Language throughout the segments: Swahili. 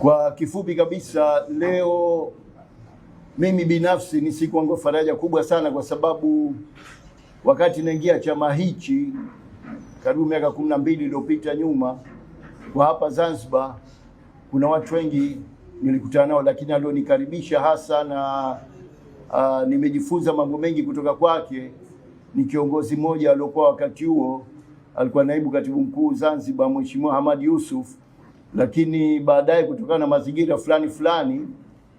Kwa kifupi kabisa, leo mimi binafsi ni siku yangu faraja kubwa sana, kwa sababu wakati naingia chama hichi karibu miaka kumi na mbili iliyopita nyuma, kwa hapa Zanzibar kuna watu wengi nilikutana nao, lakini alionikaribisha hasa na uh, nimejifunza mambo mengi kutoka kwake ni kiongozi mmoja aliokuwa wakati huo alikuwa naibu katibu mkuu Zanzibar, Mheshimiwa Hamad Yusuf lakini baadaye kutokana na mazingira fulani fulani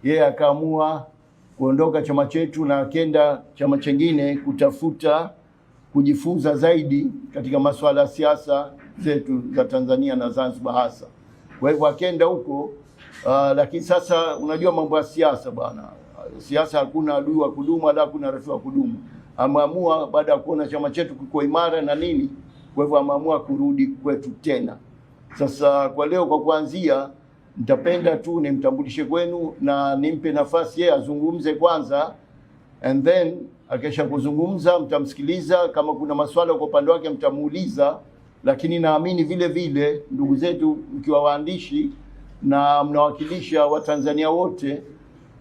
yeye akaamua kuondoka chama chetu na akenda chama chengine kutafuta kujifunza zaidi katika masuala ya siasa zetu za Tanzania na Zanzibar hasa. Kwa hivyo akenda huko, uh, lakini sasa unajua mambo ya siasa bwana, siasa hakuna adui wa kudumu wala hakuna rafiki wa kudumu. Ameamua baada ya kuona chama chetu kiko imara na nini, kwa hivyo ameamua kurudi kwetu tena. Sasa kwa leo, kwa kuanzia, nitapenda tu nimtambulishe kwenu na nimpe nafasi yeye azungumze kwanza, and then akisha kuzungumza mtamsikiliza. Kama kuna maswala kwa upande wake mtamuuliza, lakini naamini vile vile ndugu zetu mkiwa waandishi na mnawakilisha Watanzania wote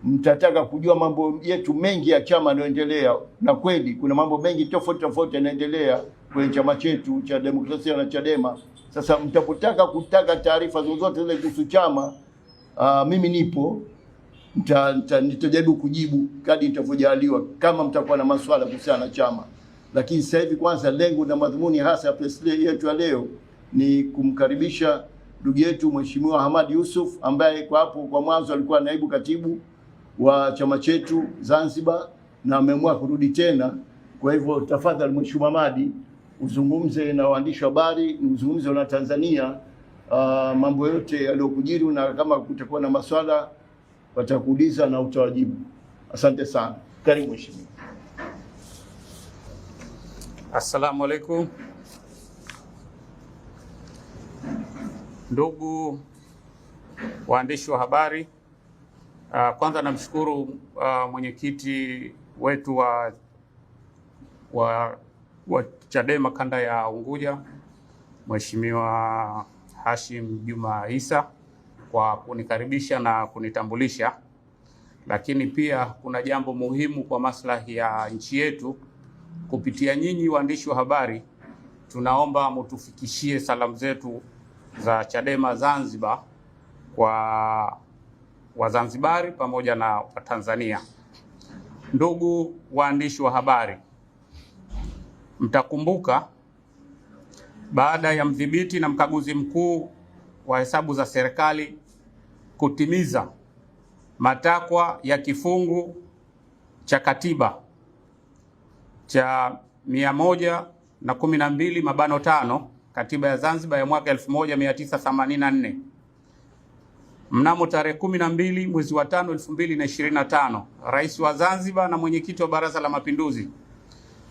mtataka kujua mambo yetu mengi ya chama yanayoendelea, na kweli kuna mambo mengi tofauti tofauti yanaendelea kwenye chama chetu cha Demokrasia na Chadema. Sasa mtapotaka kutaka taarifa zozote zile kuhusu chama uh, mimi nipo nitajaribu kujibu kadi nitavyojaliwa, kama mtakuwa na maswala kuhusiana na chama. Lakini sasa hivi kwanza, lengo na madhumuni hasa ya press yetu ya leo ni kumkaribisha ndugu yetu Mheshimiwa Hamad Yusuf ambaye kwa hapo kwa mwanzo alikuwa naibu katibu wa chama chetu Zanzibar na ameamua kurudi tena. Kwa hivyo tafadhali, Mheshimiwa Hamadi uzungumze na waandishi wa habari, ni uzungumze na Tanzania uh, ah, mambo yote yaliyokujiri, na kama kutakuwa na maswala watakuuliza na utawajibu. Asante sana, karibu mheshimiwa. Assalamu alaikum, ndugu waandishi wa habari. Uh, kwanza namshukuru uh, mwenyekiti wetu wa, wa wa Chadema kanda ya Unguja Mheshimiwa Hashim Juma Isa kwa kunikaribisha na kunitambulisha, lakini pia kuna jambo muhimu kwa maslahi ya nchi yetu. Kupitia nyinyi waandishi wa habari, tunaomba mutufikishie salamu zetu za Chadema Zanzibar kwa Wazanzibari pamoja na Watanzania. Ndugu waandishi wa habari Mtakumbuka baada ya mdhibiti na mkaguzi mkuu wa hesabu za serikali kutimiza matakwa ya kifungu cha katiba cha 112 na mbili mabano tano katiba ya Zanzibar ya mwaka 1984 mnamo tarehe 12 mwezi wa 5 2025, Rais wa Zanzibar na mwenyekiti wa Baraza la Mapinduzi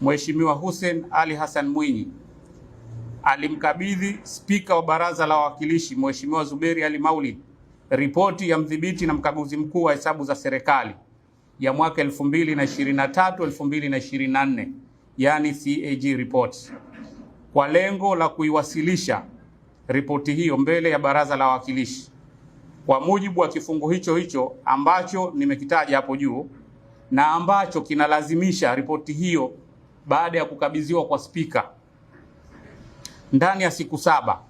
Mheshimiwa Hussein Ali Hassan Mwinyi alimkabidhi Spika wa Baraza la Wawakilishi Mheshimiwa Zuberi Ali Maulid ripoti ya mdhibiti na mkaguzi mkuu wa hesabu za serikali ya mwaka 2023 2024, yani CAG report kwa lengo la kuiwasilisha ripoti hiyo mbele ya Baraza la Wawakilishi kwa mujibu wa kifungu hicho hicho ambacho nimekitaja hapo juu na ambacho kinalazimisha ripoti hiyo baada ya kukabidhiwa kwa spika ndani ya siku saba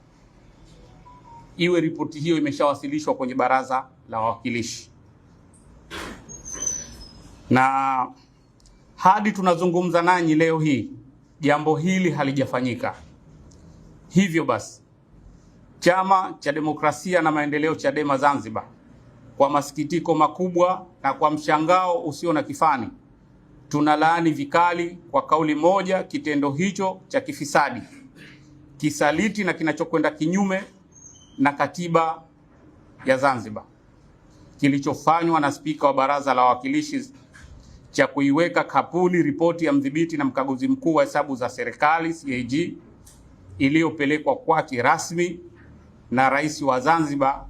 iwe ripoti hiyo imeshawasilishwa kwenye baraza la wawakilishi, na hadi tunazungumza nanyi leo hii jambo hili halijafanyika. Hivyo basi, Chama cha Demokrasia na Maendeleo CHADEMA Zanzibar, kwa masikitiko makubwa na kwa mshangao usio na kifani tunalaani vikali kwa kauli moja kitendo hicho cha kifisadi, kisaliti na kinachokwenda kinyume na katiba ya Zanzibar kilichofanywa na spika wa Baraza la Wawakilishi cha kuiweka kapuli ripoti ya mdhibiti na mkaguzi mkuu wa hesabu za serikali CAG iliyopelekwa kwake rasmi na rais wa Zanzibar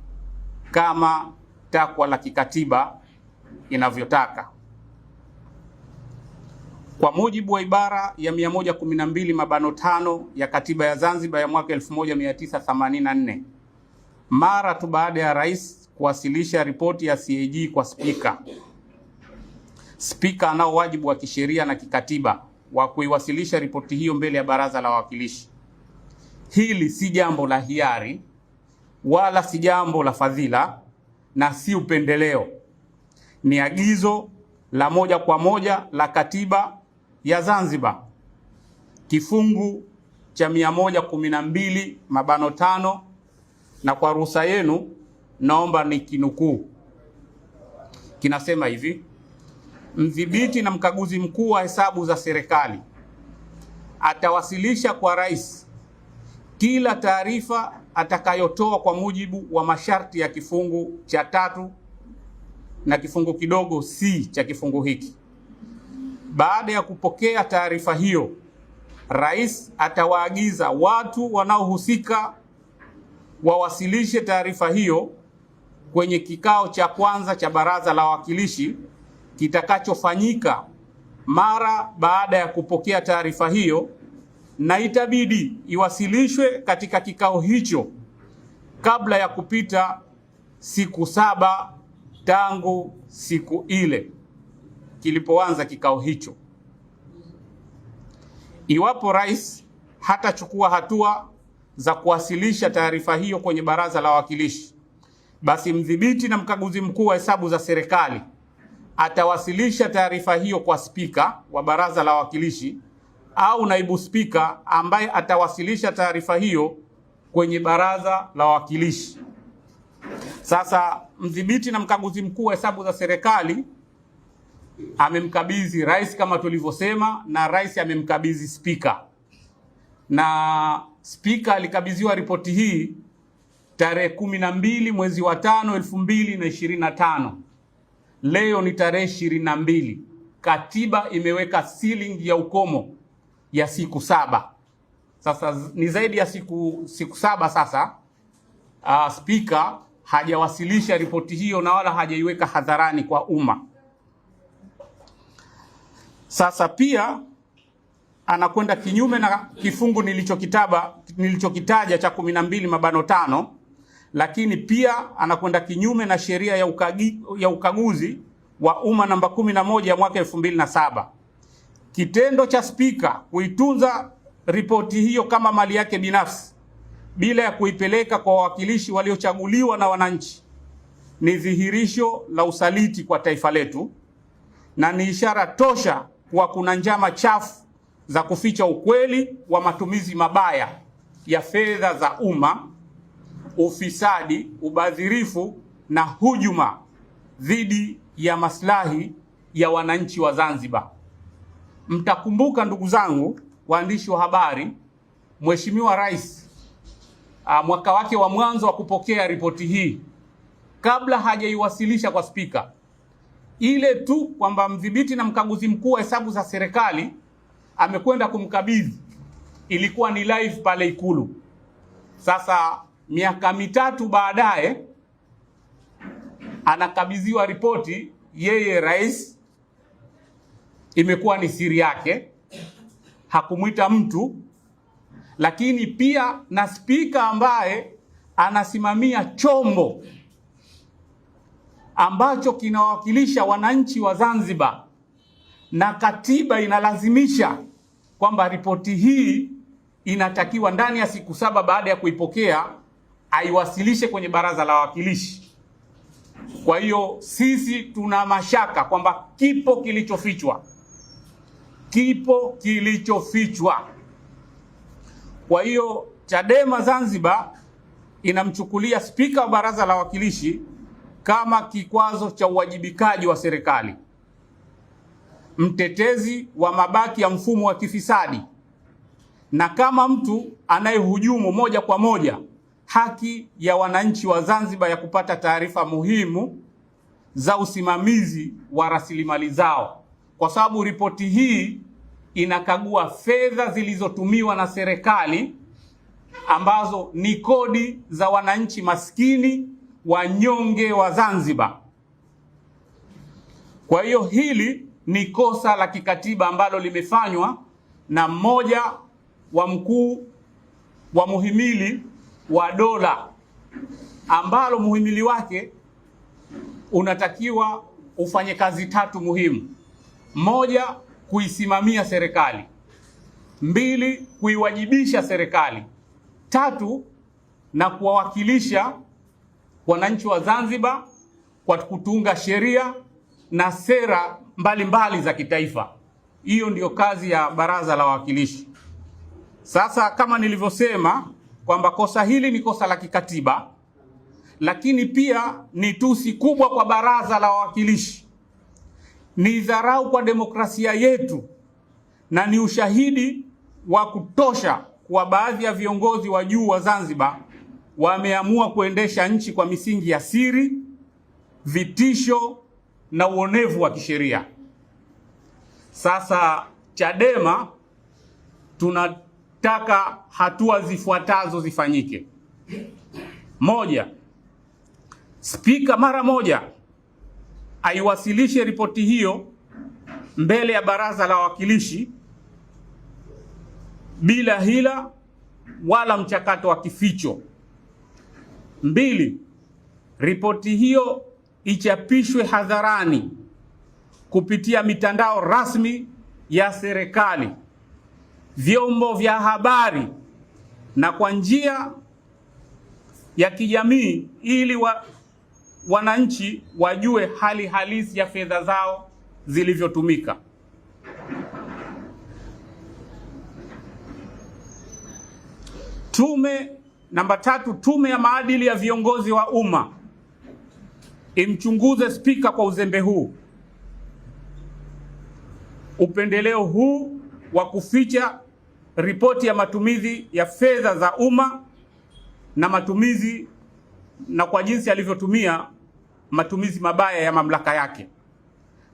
kama takwa la kikatiba inavyotaka. Kwa mujibu wa ibara ya 112 mabano tano ya katiba ya Zanzibar ya mwaka 1984 mara tu baada ya rais kuwasilisha ripoti ya CAG kwa spika, spika anao wajibu wa kisheria na kikatiba wa kuiwasilisha ripoti hiyo mbele ya baraza la wawakilishi. Hili si jambo la hiari wala si jambo la fadhila na si upendeleo, ni agizo la moja kwa moja la katiba ya Zanzibar kifungu cha 112 mabano tano, na kwa ruhusa yenu naomba nikinukuu. Kinasema hivi: mdhibiti na mkaguzi mkuu wa hesabu za serikali atawasilisha kwa rais kila taarifa atakayotoa kwa mujibu wa masharti ya kifungu cha tatu na kifungu kidogo c si cha kifungu hiki baada ya kupokea taarifa hiyo, rais atawaagiza watu wanaohusika wawasilishe taarifa hiyo kwenye kikao cha kwanza cha Baraza la Wawakilishi kitakachofanyika mara baada ya kupokea taarifa hiyo, na itabidi iwasilishwe katika kikao hicho kabla ya kupita siku saba tangu siku ile kilipoanza kikao hicho. Iwapo rais hatachukua hatua za kuwasilisha taarifa hiyo kwenye baraza la wawakilishi, basi mdhibiti na mkaguzi mkuu wa hesabu za serikali atawasilisha taarifa hiyo kwa spika wa baraza la wawakilishi au naibu spika ambaye atawasilisha taarifa hiyo kwenye baraza la wawakilishi. Sasa mdhibiti na mkaguzi mkuu wa hesabu za serikali amemkabidhi rais kama tulivyosema, na rais amemkabidhi spika, na spika alikabidhiwa ripoti hii tarehe kumi na mbili mwezi wa tano elfu mbili na ishirini na tano. Leo ni tarehe ishirini na mbili. Katiba imeweka ceiling ya ukomo ya siku saba. Sasa ni zaidi ya siku, siku saba sasa. Uh, spika hajawasilisha ripoti hiyo na wala hajaiweka hadharani kwa umma. Sasa pia anakwenda kinyume na kifungu nilichokitaba nilichokitaja cha 12 mabano tano, lakini pia anakwenda kinyume na sheria ya, ukagi, ya ukaguzi wa umma namba 11 ya mwaka 2007. Kitendo cha spika kuitunza ripoti hiyo kama mali yake binafsi bila ya kuipeleka kwa wawakilishi waliochaguliwa na wananchi ni dhihirisho la usaliti kwa taifa letu na ni ishara tosha kuwa kuna njama chafu za kuficha ukweli wa matumizi mabaya ya fedha za umma, ufisadi, ubadhirifu na hujuma dhidi ya maslahi ya wananchi wa Zanzibar. Mtakumbuka ndugu zangu waandishi wa habari, Mheshimiwa Rais mwaka wake wa mwanzo wa kupokea ripoti hii kabla hajaiwasilisha kwa spika ile tu kwamba mdhibiti na mkaguzi mkuu wa hesabu za serikali amekwenda kumkabidhi, ilikuwa ni live pale Ikulu. Sasa miaka mitatu baadaye anakabidhiwa ripoti yeye rais, imekuwa ni siri yake, hakumwita mtu. Lakini pia na spika ambaye anasimamia chombo ambacho kinawakilisha wananchi wa Zanzibar, na katiba inalazimisha kwamba ripoti hii inatakiwa ndani ya siku saba baada ya kuipokea aiwasilishe kwenye baraza la wawakilishi. Kwa hiyo sisi tuna mashaka kwamba kipo kilichofichwa, kipo kilichofichwa. Kwa hiyo Chadema Zanzibar inamchukulia spika wa baraza la wawakilishi kama kikwazo cha uwajibikaji wa serikali, mtetezi wa mabaki ya mfumo wa kifisadi na kama mtu anayehujumu moja kwa moja haki ya wananchi wa Zanzibar ya kupata taarifa muhimu za usimamizi wa rasilimali zao, kwa sababu ripoti hii inakagua fedha zilizotumiwa na serikali ambazo ni kodi za wananchi maskini wanyonge wa Zanzibar. Kwa hiyo hili ni kosa la kikatiba ambalo limefanywa na mmoja wa mkuu wa muhimili wa dola ambalo muhimili wake unatakiwa ufanye kazi tatu muhimu: moja, kuisimamia serikali; mbili, kuiwajibisha serikali; tatu, na kuwawakilisha wananchi wa Zanzibar kwa kutunga sheria na sera mbalimbali mbali za kitaifa. Hiyo ndiyo kazi ya Baraza la Wawakilishi. Sasa kama nilivyosema kwamba kosa hili ni kosa la kikatiba, lakini pia ni tusi kubwa kwa Baraza la Wawakilishi, ni dharau kwa demokrasia yetu na ni ushahidi wa kutosha kwa baadhi ya viongozi wa juu wa Zanzibar wameamua kuendesha nchi kwa misingi ya siri, vitisho na uonevu wa kisheria. Sasa Chadema tunataka hatua zifuatazo zifanyike. Moja, Spika mara moja aiwasilishe ripoti hiyo mbele ya Baraza la Wawakilishi bila hila wala mchakato wa kificho. Mbili, ripoti hiyo ichapishwe hadharani kupitia mitandao rasmi ya serikali, vyombo vya habari na kwa njia ya kijamii ili wa, wananchi wajue hali halisi ya fedha zao zilivyotumika. Tume Namba tatu, tume ya maadili ya viongozi wa umma imchunguze spika kwa uzembe huu, upendeleo huu wa kuficha ripoti ya matumizi ya fedha za umma na matumizi na kwa jinsi alivyotumia matumizi mabaya ya mamlaka yake.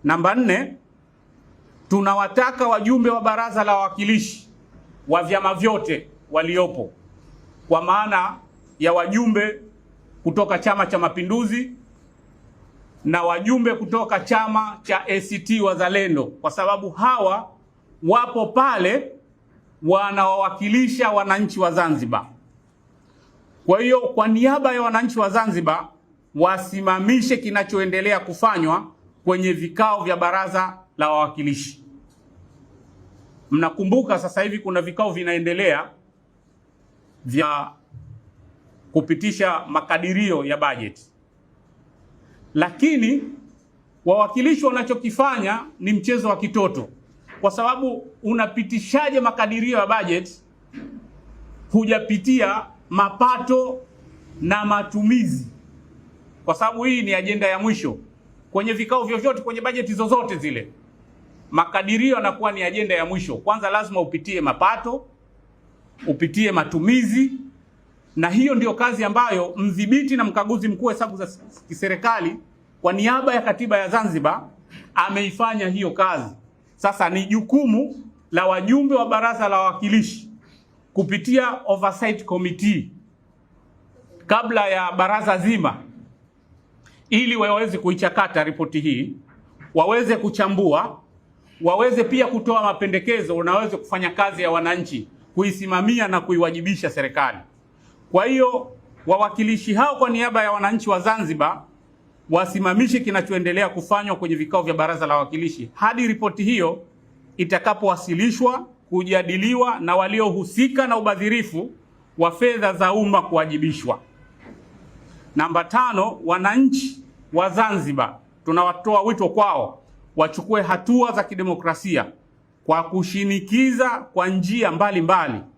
Namba nne, tunawataka wajumbe wa baraza la wawakilishi wa vyama vyote waliopo kwa maana ya wajumbe kutoka Chama cha Mapinduzi na wajumbe kutoka chama cha ACT Wazalendo, kwa sababu hawa wapo pale wanawawakilisha wananchi wa Zanzibar. Kwa hiyo kwa niaba ya wananchi wa Zanzibar wasimamishe kinachoendelea kufanywa kwenye vikao vya baraza la wawakilishi. Mnakumbuka sasa hivi kuna vikao vinaendelea vya kupitisha makadirio ya bajeti, lakini wawakilishi wanachokifanya ni mchezo wa kitoto, kwa sababu unapitishaje makadirio ya bajeti hujapitia mapato na matumizi, kwa sababu hii ni ajenda ya mwisho kwenye vikao vyovyote, kwenye bajeti zozote zile, makadirio yanakuwa ni ajenda ya mwisho. Kwanza lazima upitie mapato upitie matumizi, na hiyo ndiyo kazi ambayo mdhibiti na mkaguzi mkuu wa hesabu za kiserikali kwa niaba ya katiba ya Zanzibar ameifanya hiyo kazi. Sasa ni jukumu la wajumbe wa baraza la wawakilishi kupitia oversight committee kabla ya baraza zima, ili waweze kuichakata ripoti hii, waweze kuchambua, waweze pia kutoa mapendekezo, unaweze kufanya kazi ya wananchi kuisimamia na kuiwajibisha serikali. Kwa hiyo wawakilishi hao kwa niaba ya wananchi wa Zanzibar wasimamishe kinachoendelea kufanywa kwenye vikao vya Baraza la Wawakilishi hadi ripoti hiyo itakapowasilishwa kujadiliwa na waliohusika na ubadhirifu wa fedha za umma kuwajibishwa. Namba tano, wananchi wa Zanzibar tunawatoa wito kwao wachukue hatua za kidemokrasia kwa kushinikiza kwa njia mbalimbali mbali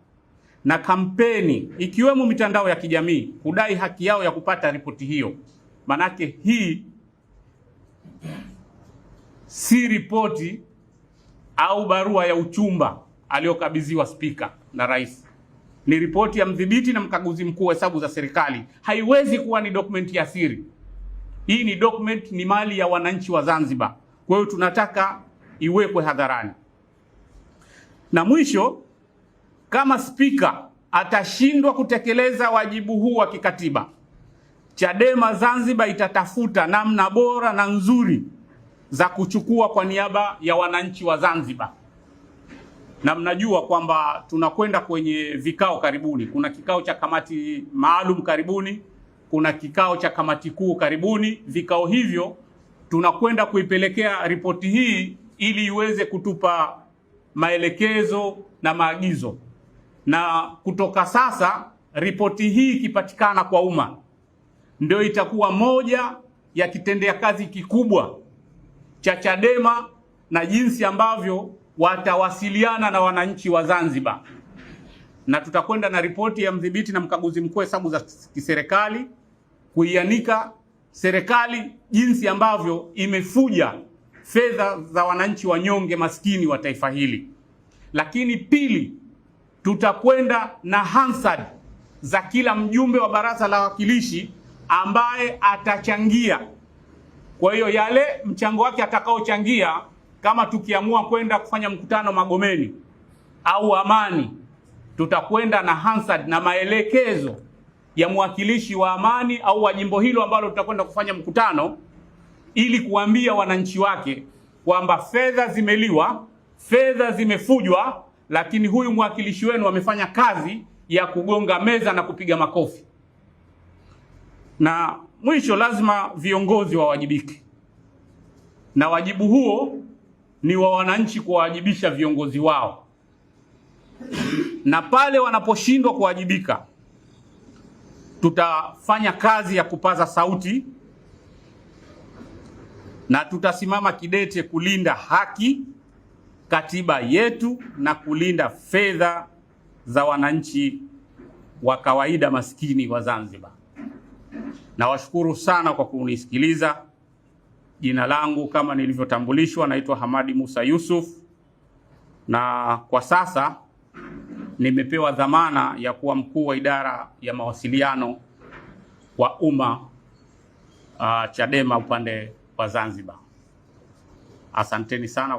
na kampeni ikiwemo mitandao ya kijamii kudai haki yao ya kupata ripoti hiyo. Manake hii si ripoti au barua ya uchumba aliyokabidhiwa Spika na Rais, ni ripoti ya mdhibiti na mkaguzi mkuu wa hesabu za serikali. Haiwezi kuwa ni dokumenti ya siri. Hii ni dokumenti, ni mali ya wananchi wa Zanzibar. Kwa hiyo tunataka iwekwe hadharani. Na mwisho, kama spika atashindwa kutekeleza wajibu huu wa kikatiba, Chadema Zanzibar itatafuta namna bora na nzuri za kuchukua kwa niaba ya wananchi wa Zanzibar. Na mnajua kwamba tunakwenda kwenye vikao karibuni. Kuna kikao cha kamati maalum karibuni, kuna kikao cha kamati kuu karibuni. Vikao hivyo tunakwenda kuipelekea ripoti hii ili iweze kutupa maelekezo na maagizo, na kutoka sasa ripoti hii ikipatikana kwa umma ndio itakuwa moja ya kitendea kazi kikubwa cha Chadema na jinsi ambavyo watawasiliana na wananchi wa Zanzibar, na tutakwenda na ripoti ya mdhibiti na mkaguzi mkuu hesabu za kiserikali kuianika serikali jinsi ambavyo imefuja fedha za wananchi wanyonge maskini wa taifa hili. Lakini pili, tutakwenda na Hansard za kila mjumbe wa baraza la wawakilishi ambaye atachangia. Kwa hiyo yale mchango wake atakaochangia, kama tukiamua kwenda kufanya mkutano Magomeni au Amani, tutakwenda na Hansard na maelekezo ya mwakilishi wa Amani au wa jimbo hilo ambalo tutakwenda kufanya mkutano ili kuambia wananchi wake kwamba fedha zimeliwa, fedha zimefujwa, lakini huyu mwakilishi wenu amefanya kazi ya kugonga meza na kupiga makofi. Na mwisho, lazima viongozi wawajibike, na wajibu huo ni wa wananchi kuwawajibisha viongozi wao, na pale wanaposhindwa kuwajibika, tutafanya kazi ya kupaza sauti na tutasimama kidete kulinda haki, katiba yetu na kulinda fedha za wananchi wa kawaida maskini wa Zanzibar. Nawashukuru sana kwa kunisikiliza. Jina langu kama nilivyotambulishwa, naitwa Hamadi Musa Yusuf, na kwa sasa nimepewa dhamana ya kuwa mkuu wa idara ya mawasiliano wa umma uh, Chadema upande wa Zanzibar. Asanteni sana.